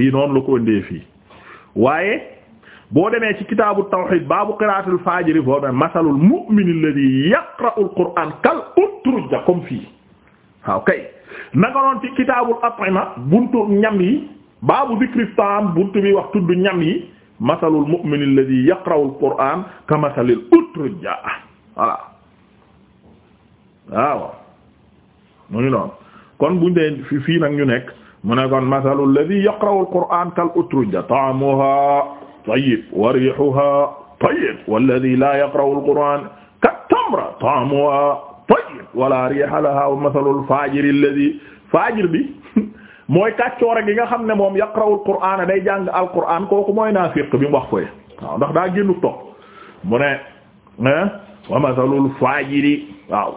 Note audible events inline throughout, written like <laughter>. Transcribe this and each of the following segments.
fii noonu la ko indee fii waaye boo demee ci kitaabu tawhid baabu qiraatul fajiri foofu nag masalul mu'min kal utruja comme fii waaw kay naka noonu ci kitaabul at'ima buntu ñam yi baabu dhikri ta'am buntu bi wax tudd ñam yi masalul mu'min alladhi yaqra'ul qur'an ka masalil utruja voilà waaw mu ngi noonu kon buñ dee fii nag ñu mu ne kon masalu alladhi yaqra'u al-qur'an kal utruja ta'muha tayyib wa rihuha tayyib walladhi la yaqra'u al-qur'an kat tamra ta'muha tayyib wala riha laha wa masalu al-fajir alladhi fajir bi <laughs> mooy kàccoor gi nga xam ne moom yaqra'u al-qur'an day jàng al-qur'an kooku mooy naafiq bi mu wax koy waaw ndax daa génnu topp mu ne eh, wa masalu al-fajiri waaw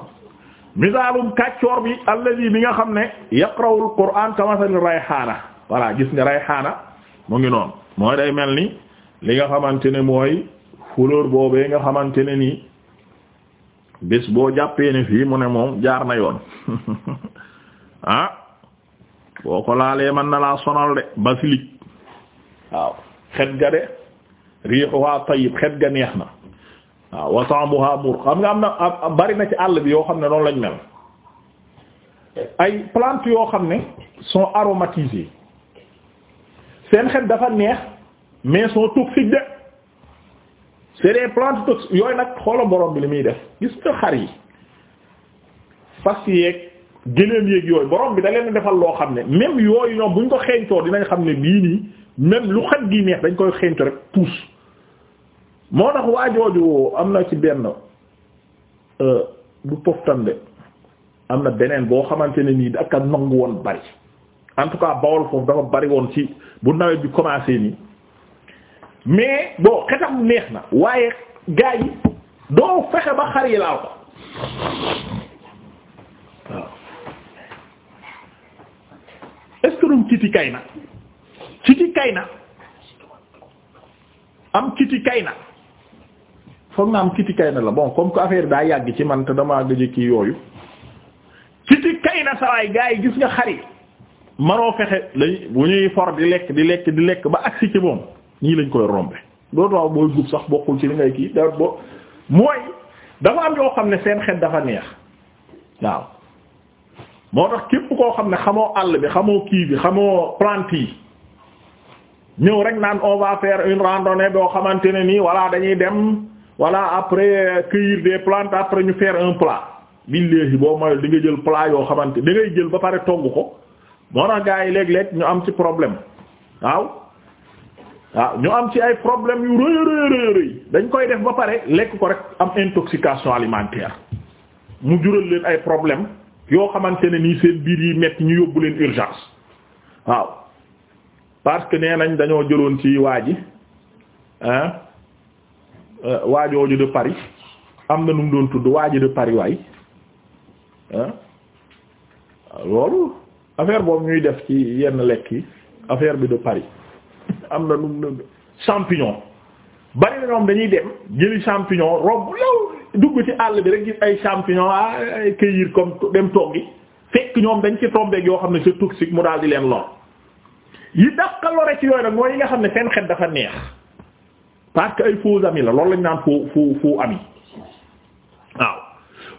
misaalum kàccoor bi alladi bi nga xam ne yaqrawul qur'aan kamasali rayhaana voilà gis nga rayhaana mu ngi noonu mooy day mel ni li nga xamante ne mooy fleur boobee nga xamante ne nii bés boo jàppee ne fii mu ne moom jaar na yoon <laughs> ah boo ko laalee mën na laa sonal de basilic waaw xet ga de riixuhaa tayyib xet ga neex na waaw wa ta'muha mur xam nga am na bari na ci àll bi yoo xam ne noonu lañ mel ay plantes yoo xam ne sont aromatisées seen xet dafa neex mais sont toxiques de c'est des plantes toxiques yooyu nag xoola boroom bi li muy def gis nga xar yi fas yeeg gëléem yeeg yooyu borom bi da leen defal loo xam ne même yooyu ñoom buñ ko xeeñtoo dinañ xam ne bii nii même lu xet gi neex dañ koy xeeñto rek pousse moo tax jooju am na ci benn euh, du poftan de am na beneen boo xamante ne nii ak a nangu woon bari en tout cas bawol foofu dafa bari woon ci bu nawet bi commencé nii mais bon xetam neex na waaye gaa yi doo fexe ba xar yi laal ko waaw est-ce que duñ kay na am citi kayna foog naa am kiti kay la bon comme que affaire daa yàgg ci man te damaa gëj kii yooyu kiti kay na sawaay yi gis nga xari manoo fexe lañ bu ñuy for di lekk di lekk di lekk ba agsi ci moom ñii lañ koy rombe dootu doo booy gub sax ci li ngay kii da bo mooy dafa am yoo xam ne seen xet dafa neex waaw moo képp koo xam ne xamoo àll bi xamoo kii bi xamoo plante yi ñëw rek naan on xamante nii walla dañuy dem voilà après euh, cueillir des plante après ñu faire un plat billahi boo mayol di nga jël plat yoo xamante da ngay jël ba pare togg ko moo tax gars yi léeg-léeg ñu am ci problème waaw waaw ñu am ci ay problème yu rëy rëy rëy dañ koy def ba pare lekk ko rek am intoxication alimentaire mu jural leen ay problème yoo xamante ne nii biir yi metti ñu yóbbu leen urgence waaw parce que nee nañ dañoo jëloon ci waa ji Euh, waajooju de Paris am na nu doon tudd waajo de Paris waay ah, loolu affaire boobu ñuy def ci yenn lekk yi affaire bi de Paris am na nu mu doon champignon bari na ñoom dañuy dem jëli champignon rob yow dugg ci àll bi rek gis ay champignon ah ay cueillir comme dem toggi fekk ñoom dañ ci tombeeg yoo xam ne c'est toxique mu daal di leen lor yi dàq lore ci yooyu nag mooy yi nga xam ne seen xet dafa neex. parce que ay faux amis la loolu lañ naan faux faux faux amis waaw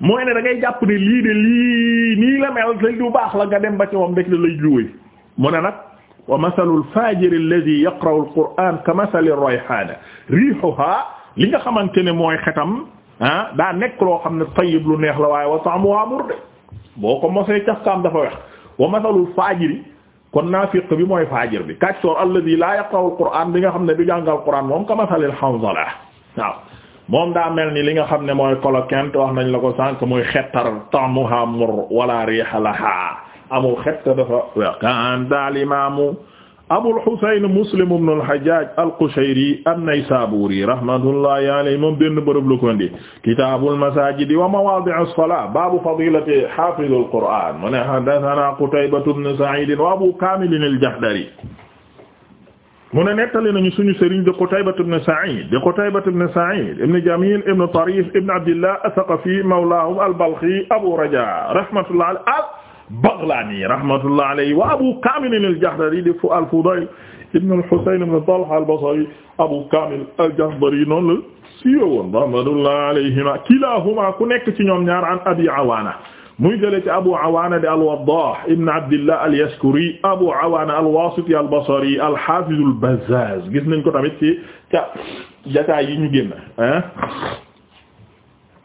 mooy ne da ngay jàpp ne lii de lii nii la mel te lu baax la nga dem ba ci moom ndekk lay luwee mu ne nag wa masalul fajiri alladhi yaqra'u al-qur'an ka masali rayhana rihuha li nga xamante ne mooy xetam ah daa nekk loo xam ne tayyib lu neex la waaye wa ta'muha murde boo ko mosee cafkaam dafa wex wa masalul fajiri kon naafiq bi mooy faajir bi kàccoor alladhi la yaqra'u alquran bi nga xam ne du jàngal quran moom kamasalil hanzala waaw moom daa mel ni li nga xam ne mooy kolokent wax nañ la ko sànq muy xettar ta'muha mur wala riha laha amul xetta dafa wa kan dal imamu Abul Husayn Muslim ibn al-Hajjaj al-Qushayri an-Naysaburi rahmatullahi alayhi moom benn bërëb la ko indi kitaabul masaajidi wa mawaadi'i as-salaat baabu fadiilati haafizil Qur'aan mu ne haddathanaa Qutaybatu ibn Sa'iid wa Abu Kaamil al-Jahdari mu ne nettali nañu suñu sëriñ de Qutaybatu ibn Sa'iid de Qutaybatu ibn Sa'iid ibn Jamiil ibn Tariif ibn Abdillah as-Saqafi mawlaahum al-Balkhi Abu Rajaa rahmatullahi alayhi Baghlani rahmatullah alayhi wa Abu Kamil al-Jahdari di al-Fudayl ibn al-Husayn ibn Talha al-Basri Abu Kamil al-Jahdari noonu la siiwoon rahmatullah alayhima kilahuma ku nekk ci ñoom ñaar an Abi Awana ci Abu Awana di al-Waddah ibn Abdillah al-Yaskuri al hafiz al-Bazzaz gis nañ ko tamit ci ca jataay yi ñu génn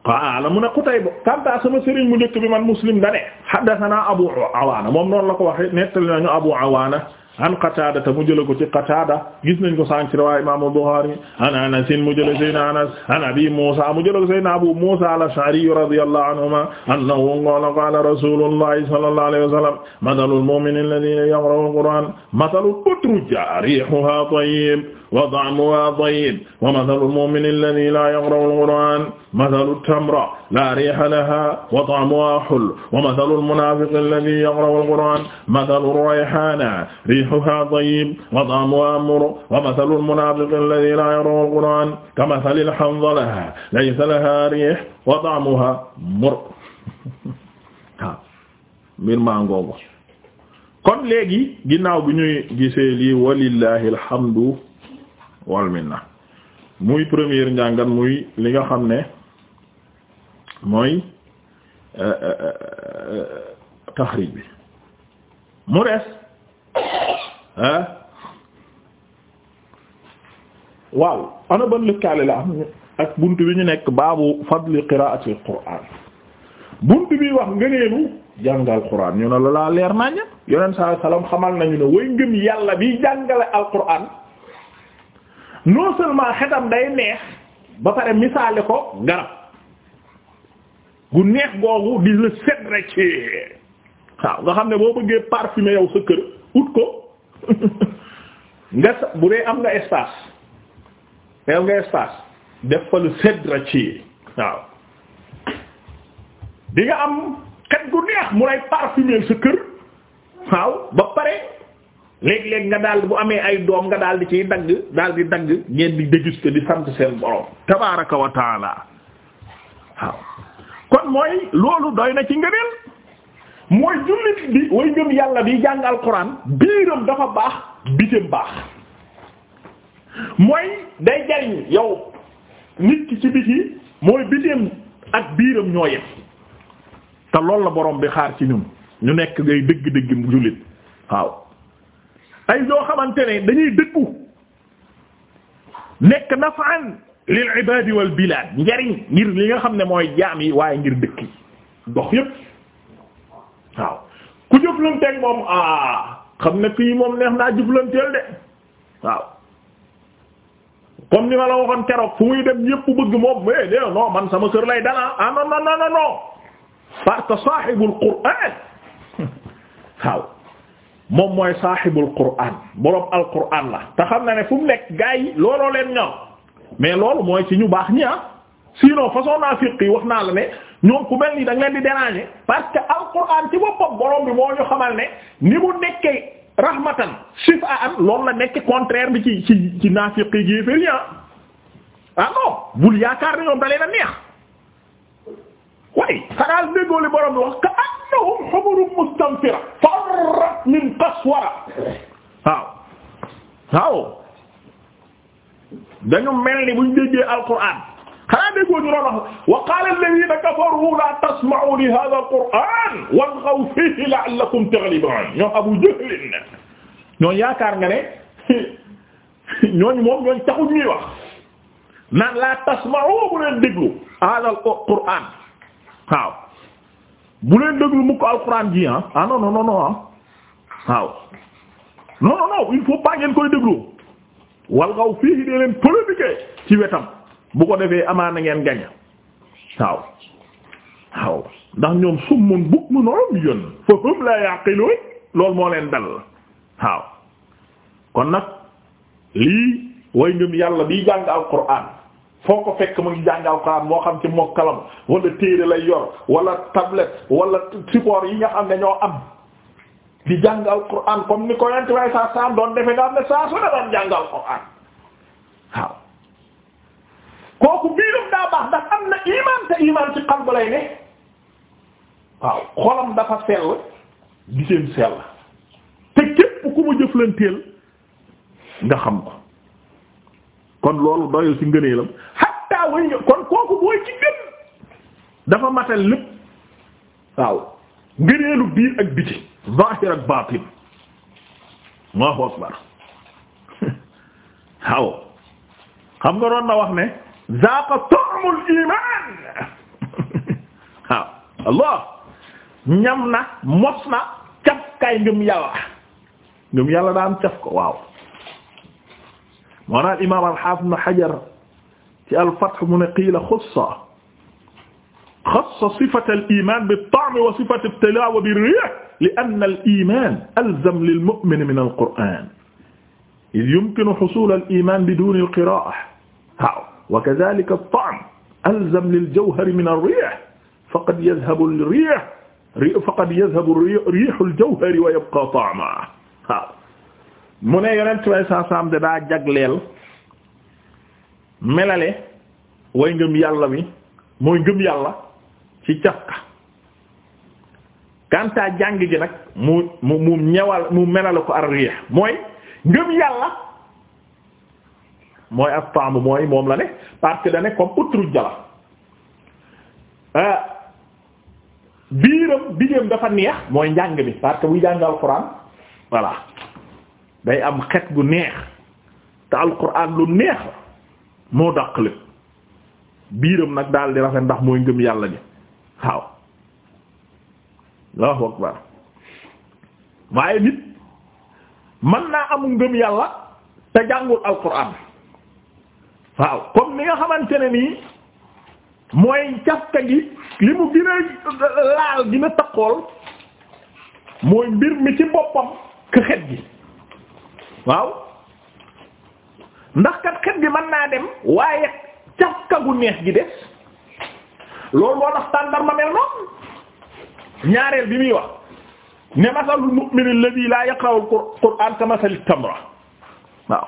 qaala mu ne Qutayba kanta sama sëriñ mu njëkk bi man Muslim dane haddathana Abu Awaana moom noonu la ko waxe nettali nañu Abu Awaana an Qataada ta mu jële ko ci Qataada gis nañ ko sànq ci riwaaya Imaam Buxaari an Anas mu jële Seydina Anas an Abi Muusaa mu jële ko Seydina Abu Muusaa al-Ash'ari radiyallahu anhumaa annahu qaala qaala rasuulullahi sallallahu alayhi wa sallam mathalul mu'mini alladhii yaqra'u al-Qur'aan mathalu utruja riihuhaa tayyib wa ta'muha tayyib wa mathalu al-mu'mini alladhi la yaqra'u al-Qur'an mathalu at-tamra la riha laha wa ta'muha hull wa mathalu al-munafiqi alladhi yaqra'u al-Qur'an mathalu ar-rayhana rihuha tayyib wa ta'muha murr wa mathalu al-munafiqi alladhi la yaqra'u al-Qur'an kamathali al-hanzalah laysa laha rih wa ta'muha murr <laughs> mbir maa ngoogu kon léegi ginnaaw bi ñuy gisee lii walillahi alhamdu wal na muy premier njàngat muy li nga xam ne mooy euh, euh, euh, taxrij bi mu des waaw ana ban lëkkaale la am ak bunt bi ñu nekk baabu fadli qiraati alquran bunt bi wax ngëneelu jàngal quran ñu ne la laa leer naññ yoneen saa salaam xamal nañu ne way ngëm yàlla bi jàngale alquran non seulement xetam day neex ba pare misaale ko garab gu neex googu di la set rek ci waaw nga xam ne boo bëggee parfumer yow sa kër ut ko <laughs> nga sa bu dee am nga espace am nga espace def fa lu set rek ci waaw di nga am xet gu neex mu lay parfumer sa kër waaw ba pare léeg-léeg nga daal bu amee ay doom nga daal di ciy dagg daal di dagg ngeen di déguster di sant seen borom tabaraka wa taala waaw kon mooy loolu doy na ci ngëneel mooy jullit bi way ngëm yàlla bi jàng alquran biiram dafa baax bitim baax mooy day jariñ yow nit ki ci biti mooy bitim ak biiram ñoo yem te loolu la boroom bi xaar ci ñun ñu nekk ngay dëgg-dëgg jullit waaw ay yoo xamante ne dañuy dëggu nekk nafaan lil ibadi wal bilad njariñ ngir li nga xam ne mooy jaam yi waaye ngir dëkk dox yépp waaw ku jëflanteeg moom ah xam ne kii moom neex naa jëflanteel de waaw comme ni ma la waxoon keroog fu muy dem ñépp bëgg moom mais eh, non man sama kër lay dana ah na non non non parce que sahibul qur'an moom mooy saaxibul qur'aan borom al qur'aan la te na ne fu mu nekk gaa yi looloo leen ñor mais loolu mooy ci ñu baax ñi ah sinon façon naafiq yi wax naa la ne ñoom ku mel ni da nga leen di déranger parce que al qur'aan ci boppam borom bi moo ñu xamal ne ni mu nekkee rahmatan shifaan loolu la nekk contraire bi ci ci ci naafiq yi géefér yi ah. ah bul yaakaar ne ñoom da leen neex waaye xanaa déggoo li borom bi wax ka annahum humurun mustanfira aswara waaw waaw dañu mel ni buñ déggee alquran xanaa déggoo ñu doon wax wa qaala alladhiina kafaru laa tasma'u li haadha alquran walghaw fiihi la'allakum taghlibun ñoom Abu Jahl ñoo yaakaar nga ne <laughs> ñooñu moom ñooñu taxut ñuy wax naan laa tasma'u bu leen déglu haadha alquran waaw bu leen déglu mukk alquran ji ah ah non non non non ah. waaw non non il faut pas ngeen koy déglu wal ngaw fii dee leen polémique ci wetam bu ko defee amaana ngeen gaña waaw waaw ndax ñoom summun bukmun umyun fa hum la yaqilun loolu moo leen dal waaw kon nag lii way ngëm yàlla bi jàng alquran foo ko fekk mu ngi jàng alquran moo xam ci mokkalam walla téere lay yor wala tablette wala support yi nga xam ne ñoo am di jàng alquran comme ni ko yent way saa saam defe nga am ne saa su ne doon jàng alquran waaw kooku biirum daa baax ndax am na iman te iman ci qalbu lay ne waaw xolam dafa sell giseem sell te képp ku mu jëflanteel nga xam ko kon loolu doyul ci ngëneelam hatta way kon kooku mooy ci gën dafa matal lépp waaw ngëneelu biir ak biti zahir ak batin Allahu akbar <laughs> waaw xam nga doon na wax ne zaqa ta'mul iman <laughs> waaw Allah ñam na mos na cafkaay ngëm yàlla ngëm yàlla daan caf ko waaw moo naa al imam al hafiz ibn Hajar ci al Fath mu ne qiila xussa xassa sifata al iman bi taami wa sifat tilawa bi riih li anna al iman alzam lil mu'min min al qur'an id yumkinu husul al iman bidun al qira'ah waaw wa kadhalika al ta'm alzam lil jawhar min al riih faqad yadhhabu al riih faqad yadhhabu riih al jawhar wa yabqa ta'muhu waaw mu ne yonent way saasaam de daa jagleel melale way ngëm yàlla mi mooy ngëm yàlla ci cafka kantaa jàng gi nag mu mu mu ñewal mu melal ko ar-riih mooy ngëm yàlla mooy ab taamu mooy moom la ne parce que da ne comme utruj jala euh, biiram biiram dafa neex mooy njàng bi parce que buy jàng alxuraan voilà day am xet gu neex te alxuraan lu neex la moo dàq lépp biiram nag daal di rafet ndax mooy ngëm yàlla ji waaw Allahu akbar waaye nit man naa amul ngëm yàlla te jàngul alquran waaw comme ni nga xamante ne nii mooy cafka gi li mu gën laal gën a takkool mooy mbir mi ci boppam ke xet gi waaw ndax kat xet gi mën naa dem waaye cafka gu neex gi des loolu moo tax tàndarma mel noonu ñaareel bi muy wax ne masalul mu'min alladhi la yaqra'u al-qur'an ka masali tamra waaw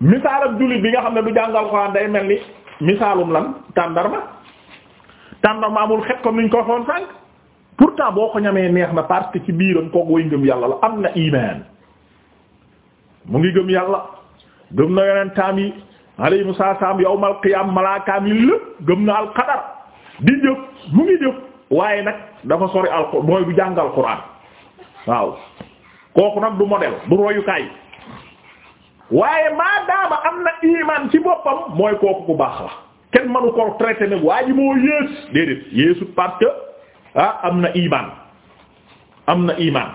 misaalum jullit bi nga xam ne du jàngal alxuraan day mel ni misaalum lan tàndarma tàndarma amul xet comme ni ko waxoon sànq pourtant boo ko ñamee neex na parce que ci biiram koog way ngëm yàlla la am na iman mu ngi gëm yàlla gëm na yonentaam yi alayhimu salaam yawmal qiyaam malaakaam yi lépp gëm na alqadar di jëf mu ngi jëf waaye nag dafa sori alxuraan mooy bu jàng alxuraan waaw kooku nag du modèle du royukaay waaye maadaama am na iman ci boppam mooy kooku bu baax la kenn manu ko traité nag waa ji moo yées déedéet yéesu parce ah am na iman am na iman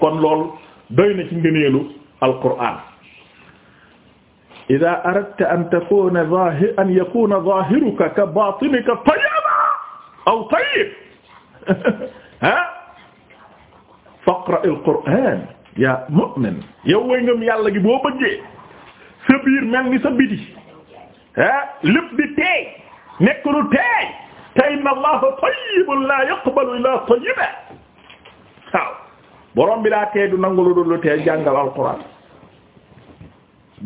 kon loolu doy na ci ngëneelu alxuraan idaa aradta an takuna zaahir an yakuna zaahiruka ka baatinika tayyiba aw tayyib ah faqra al-qur'aan yaa mu'min yow way ngam yàlla gi boo bëggee sa biir mel ni sa biti ah lépp di teey nekk lu teey te inna allaha tayyibun laa yaqbalu illaa tayyiban waaw borom bi daa teey du nangu lu dul lu teey jàngal alqur'aan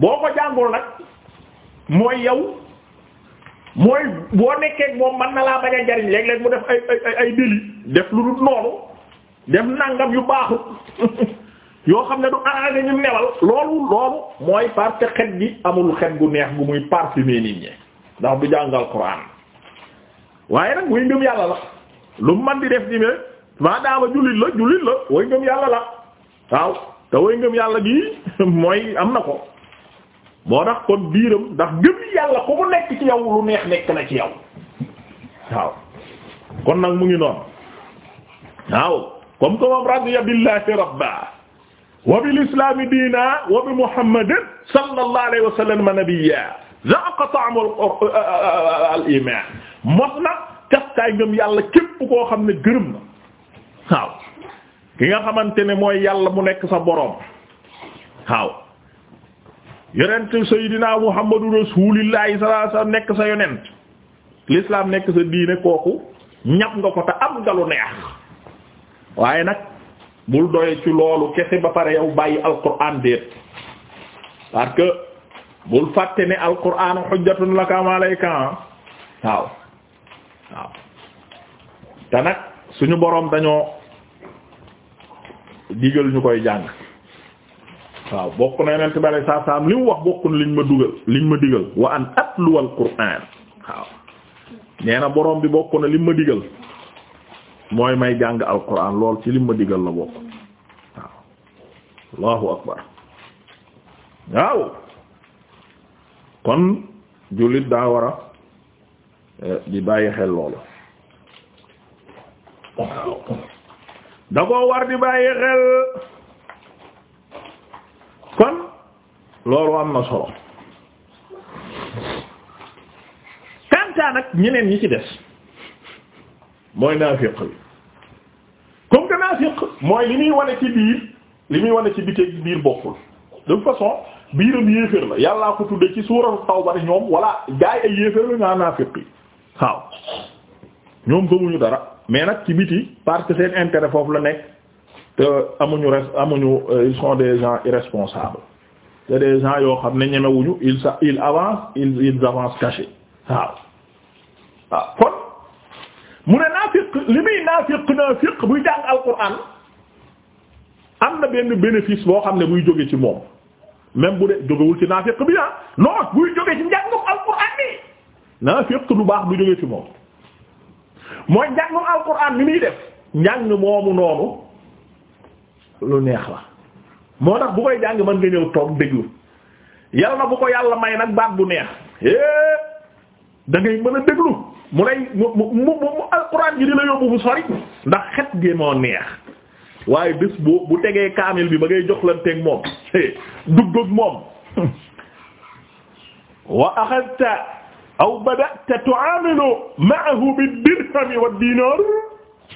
boo ko jàngul nag mooy yow mooy boo nekkee moom man na laa bañ a jariñ léeg-léeg mu def ay ay ay def lu dul noonu def nangam yu baaxu <laughs> yoo xam ne du arrangé ñu newal loolu loolu mooy parce xet gi amul xet gu neex bu muy parfumé nit ñi ndax du jàngal Qur'an waaye nag muy ngëm yàlla la lu man di def di me maa daama jullit la jullit la way ngëm yàlla la waaw te way ngëm yàlla gi <laughs> mooy am na ko moo tax kon biiram ndax gëm yàlla ku mu nekk ci yow lu neex nekk na ci yow waaw kon nag mu ngi noon waaw comme que moom radiya billahi rabba wa bil diina wa bi muhammadin sallallahu alayhi wa sallam nabiyya zaqa ta'mu euh, euh, euh, al iman mos na cafkaay ngëm yàlla képp koo xam ne gërëm na waaw ki nga xamante ne mooy yàlla mu nekk sa boroom waaw yonent Seydina Muhammadu rasulillahi sallallahu alayhi wasallam nekk sa yonent lislaam nekk sa diine kooku ñap nga ko te am nga lu neex waaye nag bul doye ci loolu kese ba pare yow bàyyi alquran déet parce que bul fàtte ne alquran hujjatun laka ma alayka waaw waaw te nag suñu boroom dañoo digal ñu koy jàng waaw bokk na yonent bi saa saam li mu wax bokk na liñ ma dugal liñ ma digal wa an atluwal qur'aan waaw nee na borom bi bokk na liñ ma digal mooy may jàng alqur'aan lool ci liñ ma digal la bokk waaw allahu akbar waaw kon jullit daa wara a eh, di bàyyi xel loolu da ko war di bàyyi xel loolu am na solo kantaa nag ñeneen ñi ci des mooy naafiq bi comme que naafiq mooy li muy wane ci biir li muy wane ci biteeg biir bokkul de toute façon biiram yéeféer la yàllaa ko tudde ci suuratu Tawba ni ñoom walla gaay ay yéeféer la ñaa naafiq yi waaw ñoom gëmuñu dara mais nag ci biti parce que seen intérêt foofu la nekk te amuñu res amuñu euh, ils sont des gens c'est des gens yoo xam ne ñemewuñu il sa il avance il il avance caché waaw waaw kon mu ne naafiq li muy naafiq naafiq buy jàng alquran am na benn bénéfice boo xam ne buy jóge ci moom même bu de jógewul ci naafiq bi ah non buy jóge ci njàngum alquran bi naafiq lu baax bu jóge ci moom mooy njàngum alquran mi muy def njàng moomu noonu lu neex la. moo tax bu koy jàng mën nga ñëw toog déglu yàlla na bu ko yàlla may nag baat bu neex eh da ngay mën a déglu mu lay mu mu mu mu alxuraan ji di la yóbbu bu sori ndax xet gi moo neex waaye bés bu bu tegee kaamil bi ba ngay joxlanteeg moom <laughs> dugg ak moom <laughs> wa axadta aw bada'ta tu'amilu ma'ahu bid-dirhami wad-dinar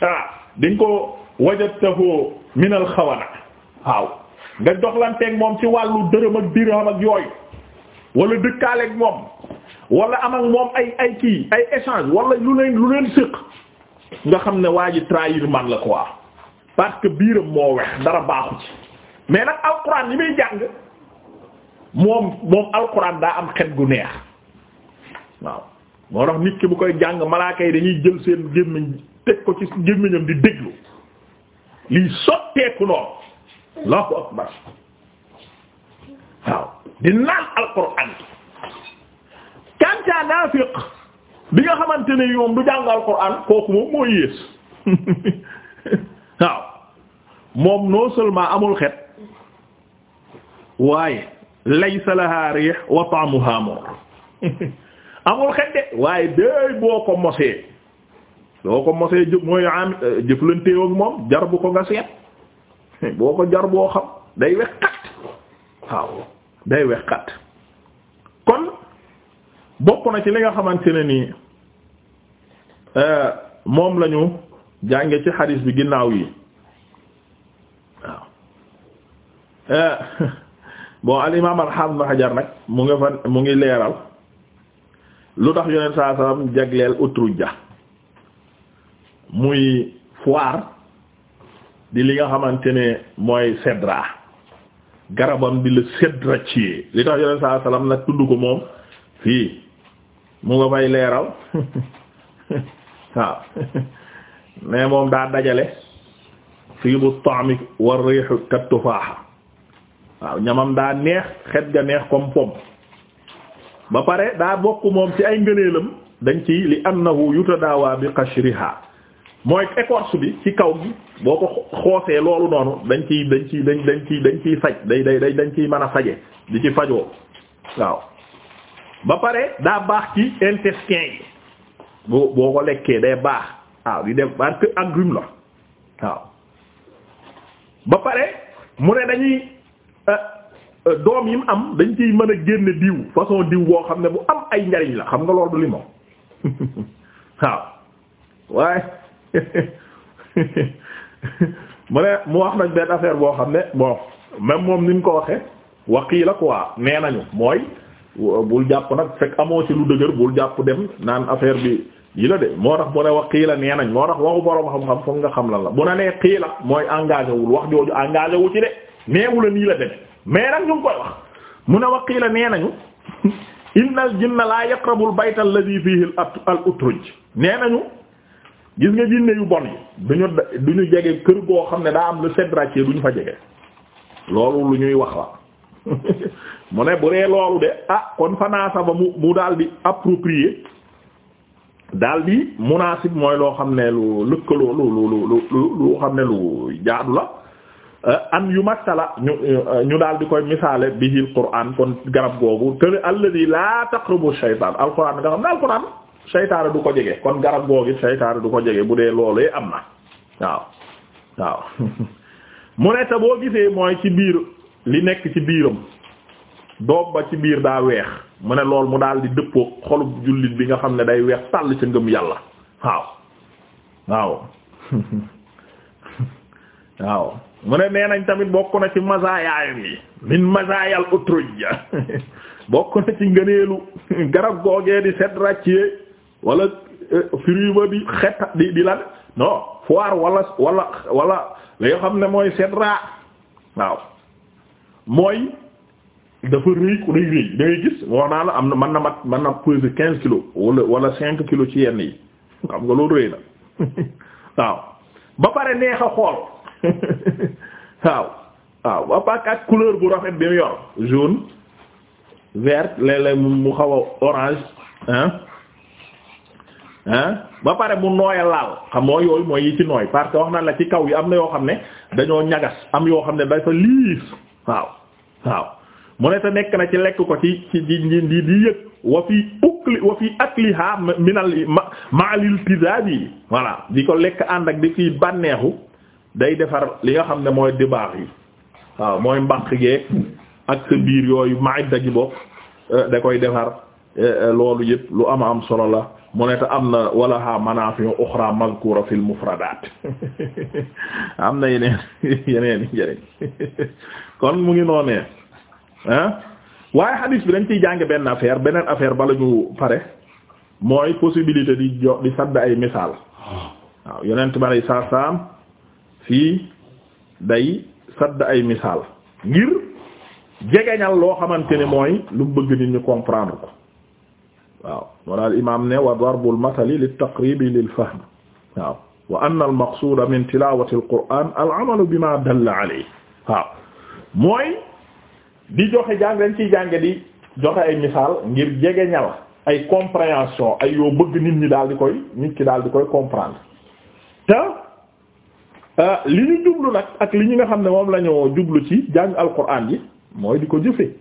ah di nga ko wajadtahu min al-xawana waaw nga doxlanteeg moom ci wàllu dërëm ak dirham ak yooyu wala dëkkaaleeg moom wala am moom ay ay kii ay échange walla lu leen lu leen séq nga xam ne waa ji trahir man la quoi parce que biiram moo wex dara baaxu ci mais nag alxuraan yi muy jàng moom moom alxuraan daa am xet gu neex waaw moo tax nit ki bu koy jàng malaaka dañuy jël seen gémmiñ teg ko ci gémmiñam di déglu liy sotteeku noonu allahu akbar waaw di naan alquran kanta naafiq bi nga xamante ne yoom du jàng alquran kooku moom moo yées <laughs> waaw moom non seulement amul xet waaye laysa laha riix wa ta'muha mur <laughs> amul xet de waaye déy boo ko mosee boo ko mosee jë mooy am jëflanteew moom jar bu ko nga seet <laughs> boo ko jar boo xam day wex xat waaw day wex xat kon bokk na ci li nga xamante ne nii euh, moom lañu jànge ci xadis bi ginnaaw yi waaw euh, <laughs> bon al imaam al hafiz nag mu nga fa mu ngi leeral lu tax yonent saa sallam jagleel utrujja muy foire di li nga xamante ne mooy cèdre garabam di le ci li tax yoneen saa salaam nag tudd ko moom fii mu nga fay leeral <laughs> waaw mais moom daa dajale fii bu taami war riixu kat tufaaxa waaw ñamam daa neex xet ga neex comme pom ba pare daa bokk moom ci ay ngëneelam dañ ci li annahu yutadaawa bi qashriha mooy écorce bi ci kaw gi boo ko xoosee loolu noonu dañ ciy dañ ci dañ dañ ciy dañ ciy faj day day dañ ciy mën a faje di ci fajoo waaw ba pare daa baax ci intestin yi boo boo ko lekkee day baax waaw di dem parce que agrume la waaw ba pare mu ne dañuy euh, euh, doom yi mu am dañ ciy mën a génn diw façon diw boo xam ne bu am ay njariñ la xam nga loolu du <laughs> waaw waaye mu ne mu wax nañ benn affaire boo xam ne bo même moom ni mu ko waxee waqiila quoi nee nañu mooy bul jàpp nag fekk amoo ci lu dëgër bul jàpp dem naan affaire bi yii la de moo tax mu ne waqiila nee nañ moo tax xam lan la bu na nee qiila mooy engagé wul wax jooju engagé wu ci de neewula nii la deme mais nag ñu ngi koy wax mu ne waqiila nee nañu <laughs> innal jinna la yaqrabul bayta alladhi fihi al utruj nee nañu gis nga jinne yu bon yi duñu duñu jege kër goo xam ne daa am lu sedd ràccee duñu fa jege loolu lu ñuy wax la <laughs> mu ne bu ree loolu de ah kon fanaasa ba mu mu daal di approprié daal di munasib mooy loo xam ne lu lëkkaloo lu lu lu lu xam ne lu jaadu la euh, an yu mattala ñu euh, ñu daal di koy misaale bihil qur'an kon garab googu te alladi laa taqrabu shaytaan alquran nga xam ne alquran seytaane du ko jege kon garab googi seytaane du ko jege bu dee loolee am na waaw waaw <laughs> mu ne te boo gisee mooy ci biir li nekk ci biiram doom ba ci biir daa weex mu ne lool mu daal di dëppoo xolub jullit bi nga xam ne day weex tàll ci ngëm yàlla waaw waaw <laughs> waaw mu ne nee nañ tamit bokk na ci mazaayaayam yi min mazaayal utruj <laughs> bokk na ci ngëneelu garab googee di sedd ràccee wala eh, fruit ba di xet di di lan non foire wala wala wala li nga xam ne mooy cédra waaw mooy dafa rëy rëy rëy da ngay gis wax naa la am na man na mat mën na peser quinze kilos wala wala cinq kilos ci yenn yi xam nga loolu rëy na <laughs> waaw ba pare neex a xool <laughs> waaw waaw ba pare ak couleur bu rafet bi mu yor jaune vert léeg-léeg mu xaw orange hein ba pare mu nooya laal xam mooy yooyu mooy yi ci nooy parce que wax na la ci kaw yi am na yoo xam ne dañoo ñagas am yoo xam ne dafa liis waaw waaw mu ne te nekk na ci lekk ko ci ci di di di yëg wa fi ukli wa fi akliha minal ma'alil tizabi voilà di ko lekk ànd ak di ci bànneexu day defar li nga xam ne mooy dibaax yi waaw mooy mbaq geeg ak sa biir yooyu maaj da gi bokk euh, da koy defar Eh, eh, loolu yëpp lu ama am solo la mu ne te am na walaha manaafi'u uxra mazkura fil mufradaat <laughs> am na yeneen <laughs> yeneen njëriñ <laughs> kon mu ngi noonee ah waaye hadith bi dañ ciy jàng benn affaire beneen affaire bala ñu pare mooy possibilité di jox di sadd ay misaal waaw yonent ma lay saa saam fii day sadd ay misaal ngir jegeñal loo xamante ni mooy lu bëgg nit ñu comprendre ko waaw wala al imam ne wa darbu al mathali lil taqribi lil fahm waaw wa anna al maqsuda min tilawati al qur'an al amalu bima dalla alayhi waaw mooy di joxe jàng dañ ciy jànge di joxe ay misaal ngir jege ñal ay compréhension ay yoo bëgg nit ñi daal di koy nit ki daal di koy comprendre te euh, li ñu jublu nag ak li ñu nga xam ne moom la ñu jublu ci jàng alquran yi mooy di ko jëfee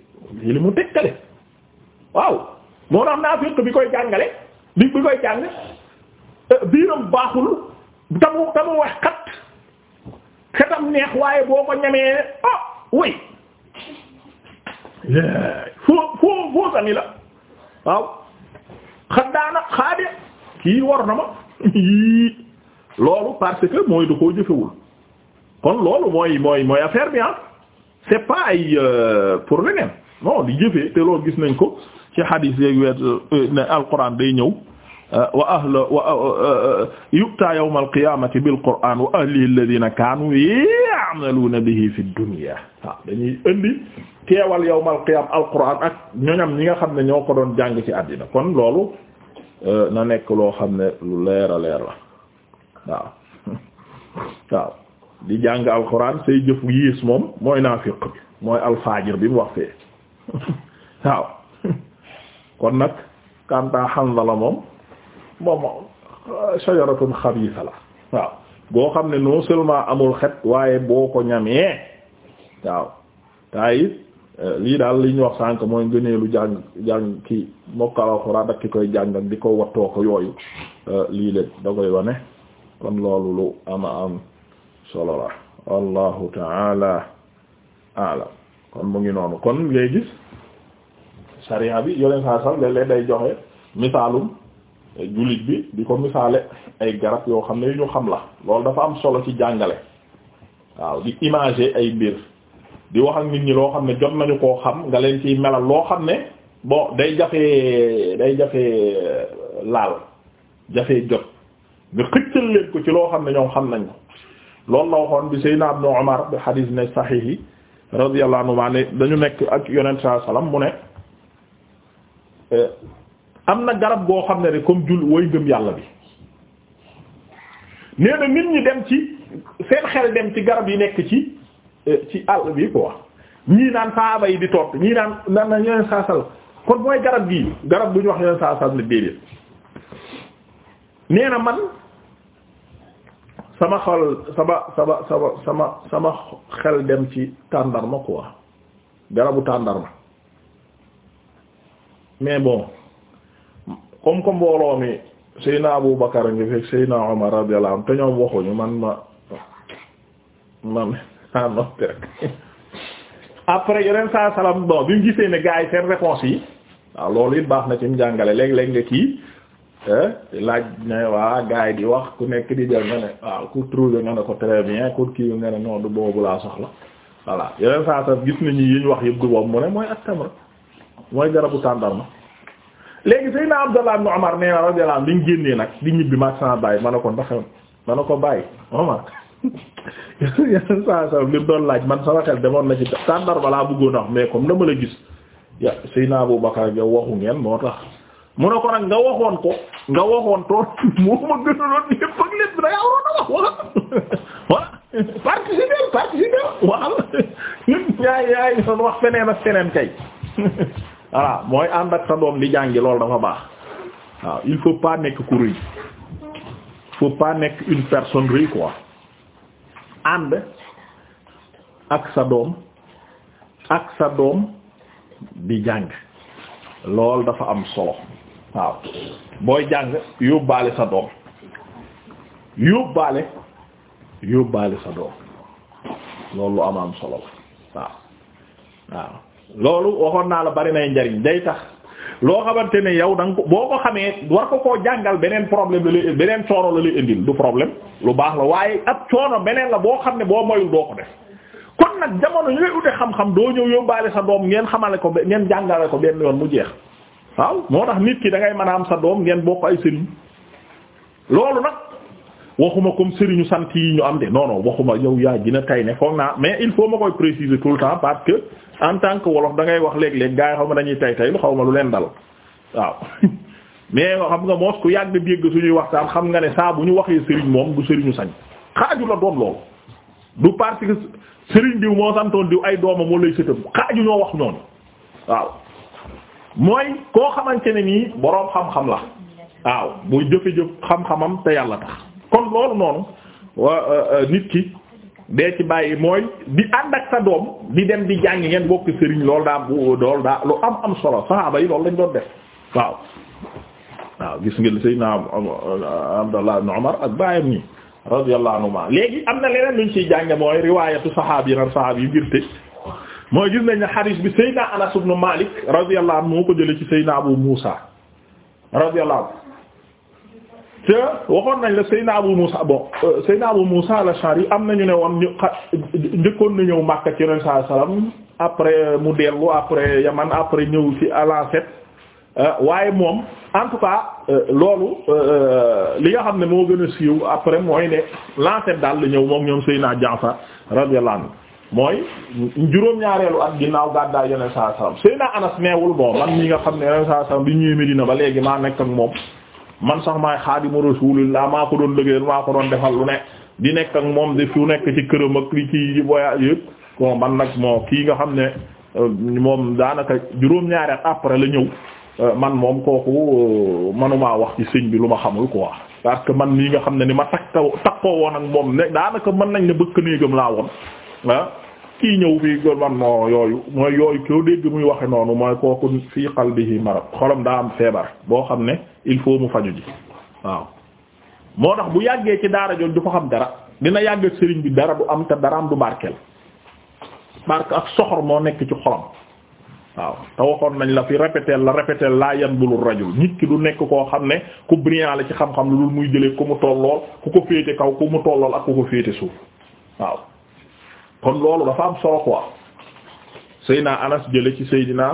li mu tekkale waaw moo naa naafiq bi koy jàngale bi koy jàng euh, biiram baaxul tamu tamu wax xat xetam neex waaye boo ko ñamee ah oui foo foo foo sami la waaw xaddaana xaade kii war na ma <laughs> loolu parce que mooy da koo jëfewul kon loolu mooy mooy mooy affaire bi ah c'est pas ay euh, pour leneen non di jëfee te loolu gis nañ ko ci xadiis yeeg weet euh, ne alquran day ñëw euh, euh, yu'ta yawma alqiyamati bil qur'an wa ahlihi alladhina kaanu ya'maluna bihi fi dañuy indi teewal yawma alqiyam nga xam ne ñoo ko doon jàng ci àddina kon loolu na nekk loo xam ne <laughs> jàng alquran say jëf yiis moom mooy naafiq bi mooy alfajir bi mu wax fee <laughs> waaw kon nag kanta Hanzala moom moom shajaratun xabiisa la waaw boo xam ne non seulement amul xet waaye boo ko ñamee waaw taa euh, lii daal li ñu wax sànk mooy lu jàng jàng ki mokkal ak ki koy jàng ak di ko wattoo ko yooyu euh, lii leen da koy wane kon loolu lu ama am solo la wallahu taala a'lam kon mu ngi noonu kon ngay gis sariya bi yoleen saa sal day joxe misaalum jullit bi di ko misaale ay garab yoo xam ne yu ñu xam la lool dafa am solo ci jàngale waaw di imager ay mbir di wax ak ñi loo xam ne jot nañu koo xam nga leen ciy melal loo xam ne bon day jafee day jafee euh, laal jafee jot nga xëccal leen ko ci loo xam ne ñoom xam nañ ko loolu la waxoon bi Seydina Ibnu Umar bi xadiis ne saxiix radiyallahu anhu maa ne dañu nekk ak yonent saa salaam mu ne eh, am na garab goo xam ne de comme jul way ngëm yàlla bi nee na nit ñi dem ci seen xel dem ci garab yi nekk ci eh, ci àll bi quoi ñii naan saaba yi di topp ñii naan naan na yonent saa salaam kon mooy garab gii garab bu ñu wax yonent saa salaam ne déedéet nee man. sama xol sama sama sama sama xel dem ci tàndarma quoi garabu tàndarma mais bon kom comme mbooloo mi Seydina Abu Bakar ngi fekk Seydina Omar radiyallahu anhu te ñoom waxuñu man ma man <laughs> ma noppi rek après yeneen saa salaam bon gisee ne gars yi seen réponse yi waaw loolu it baax na ci mu jàngale léeg-léeg nga kii Eh? laaj ne waa gars yi di wax ku nekk di jël nga ne waaw ku trouvé nga ne ko très bien ku kii nga ne non du boobu laa soxla voilà yeneen saa sax gis nañu yi ñu wax yëpp du boobu mu ne mooy at-tamr mooy garabu tàndarma léegi Seydina Abdallah ibn nag di ñibbi maag ma ne ko ndax ma ne ko bàyyi Umar <laughs> yeneen saa doon laaj man sama demoon na ci tàndarma laa bëggoon a wax mais comme dama waxu ngeen moo tax. mu ne ko nag nga waxoon ko nga waxoon toon <laughs> moo ma gënaloon ñëpp ak lépp da ngaa waroon a wax waxal voilà participer participer waxal ñun ñaay ñaay wax feneen ak feneen kay <laughs> mooy ànd sa doom di jàngi loolu dafa baax waaw il faut pas nekk ku rëy faut pas nekk une personne rëy quoi ànd ak sa doom ak sa doom di jàng loolu dafa am solo waaw booy jàng yóbbaale sa doom yóbbaale yóbbaale sa doom loolu am am solo la waaw waaw loolu waxoon naa la bari nay njariñ day tax loo xamante ne yow da ko boo ko xamee war ko koo jàngal beneen problème la lay beneen coono la lay indil du problème lu baax la waaye ab coono beneen la boo xam ne boo moyul doo ko def kon nag jamono ñu lay ute xam-xam doo ñëw yóbbaale sa doom ngeen xamale ko ngeen jàngale ko benn yoon mu jeex waaw moo tax nit ki da ngay mën a am sa doom ngeen bokk ay sëriñ loolu nag waxuma comme sëriñu sant yi ñu am de non non waxuma yow yaa gina tay ne foog naa mais il faut ma koy préciser tout le temps parce que en tant que wolof dangay wax léeg-léeg gars yi xaw ma dañuy tay tay lu xaw ma lu leen dal waaw <laughs> mais xam nga moos ku yàgg dégg suñuy waxtaan xam nga ne saa ñu waxee sëriñ moom du sëriñu sañ xaaju la doom loolu du parce que sëriñ diw moo santoon diw ay doomam moo lay sëtam xaaju ñoo wax ñoonu waaw mooy koo xamante ne nii boroom xam-xam la waaw muy jëfe-jëf xam-xamam te yàlla tax kon loolu noonu euh, euh, nit ki dee ci bàyyi mooy di ànd ak sa doom di dem di jàngi ngeen bokk sëriñ lool daa bu dool daa lu am am solo saxaaba yi loolu lañ doon def waaw waaw gis nga Seydina Abdallah ibn Umar ak bàyyam nii radiyallahu anhuma léegi am na leneen luñ ciy jànge mooy riwaayatu saxaab yi nan saxaab yu ngir mooy gis nañ ne xadiis bi Seydina Anas ibn Malik radiyallahu anhu moo ko jëlee ci Seydina Abu Muusa radiyallahu anhu te waxoon nañ la Seydina Abu Muusa bon euh, Seydina Abu Muusa al am nañu ne woon ñu njëkkoon na ñëw Makka ci Yonent sallallahu alayhi après mu dellu après Yaman après ñëw ci al euh, waaye moom en tout euh, loolu li nga xam ne moo gën a siiw après mooy ne al daal la ñëw moom ñoom Seydina Jaafar radiyallahu anhu mooy juróom-ñaareelu ak ginnaaw gàddaay yoneen saa salaam Seydina Anas neewul bon man mi nga xam ne yoneen saa salaam bi ñëwee Medina ba léegi maa nekk ak moom man sax maay xaadimu rasulillah maa ko doon liggéeyal maa ko doon defal lu ne di nekk ak moom di fu nekk ci këram ak li ci voyage yëpp bon man nag moo kii nga xam ne euh, moom daanaka juróom ñaareel at la ñëw euh, man moom kooku euh, manumaa wax ci sëñ bi lu ma xamul quoi parce que man mii nga xam ne ni ma takk takkoo woon ak moom ne daanaka mën nañ ne bëkk néegam laa woon ah. kii ñëw fii gol man moo yooyu mooy yooyu koo dégg muy waxe noonu mooy kooku fii qalbihi marad xolam daa am feebar boo xam ne il faut mu faju ji waaw moo tax bu yàggee ci daara jooju du fa xam dara dina yàgg sëriñ bi dara du am te daraam du barkeel barke ak soxor moo nekk ci xolam waaw te waxoon nañ la fi répéter la répéter laa yan bulul rajul nit ki du nekk koo xam ne ku brillant la ci xam-xam lu dul muy jëlee ku mu tollool ku ko féete kaw ku mu tollool ak ku ko féete kon loolu dafa am solo quoi Seydina Anas jële ci Seydina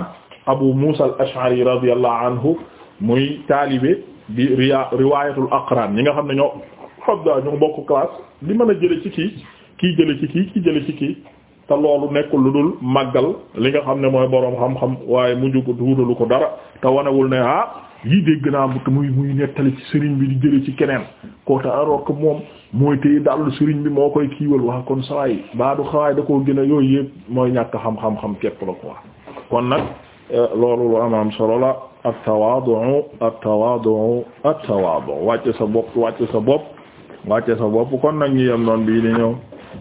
Abu Musa al-Ash'ari radiyallahu anhu muy taalibe bi riya riwayatul aqran ñi nga xam ne ñoo xab daa ñu bokk classe li mën a jële ci kii kii jële ci kii kii ci kii te loolu nekkul lu dul màggal li nga xam ne mooy boroom xam-xam waaye mujj ko duudalu ko dara te wonewul ne ah lii dégg naa bu muy muy nettali ci sëriñ bi di jële ci keneen koota alors que moom mooy téye dallu sëriñ bi moo koy kiiwal wax kon sawaay baa du xawaay da koo gën a yooyu yëpp mooy ñàkk xam-xam-xam képp la quoi kon nag eh, loolu lu am am solo la at-tawaadu at-tawaadu at-tawaadu wàcce sa bopp wàcce sa bopp wàcce sa bopp kon nag ñu yem noon bii di ñëw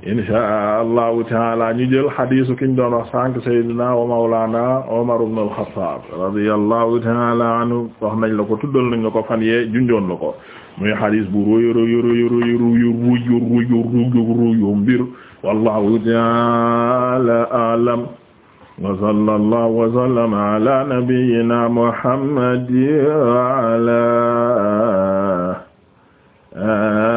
insha allahu taala ñu jël xadiisu kiñ doon wax sànq sayyidina wa mawlana Umar ibn al-Khattab radiyallahu taala anhu wax nañ la ko tuddal nañ la ko fan yee junjoon la ko muy xadiis bu royoro yoro yoro yoro yu mbir wallahu taala a'lam wa sallallahu wa sallama ala nabiyyina Muhammad wa ala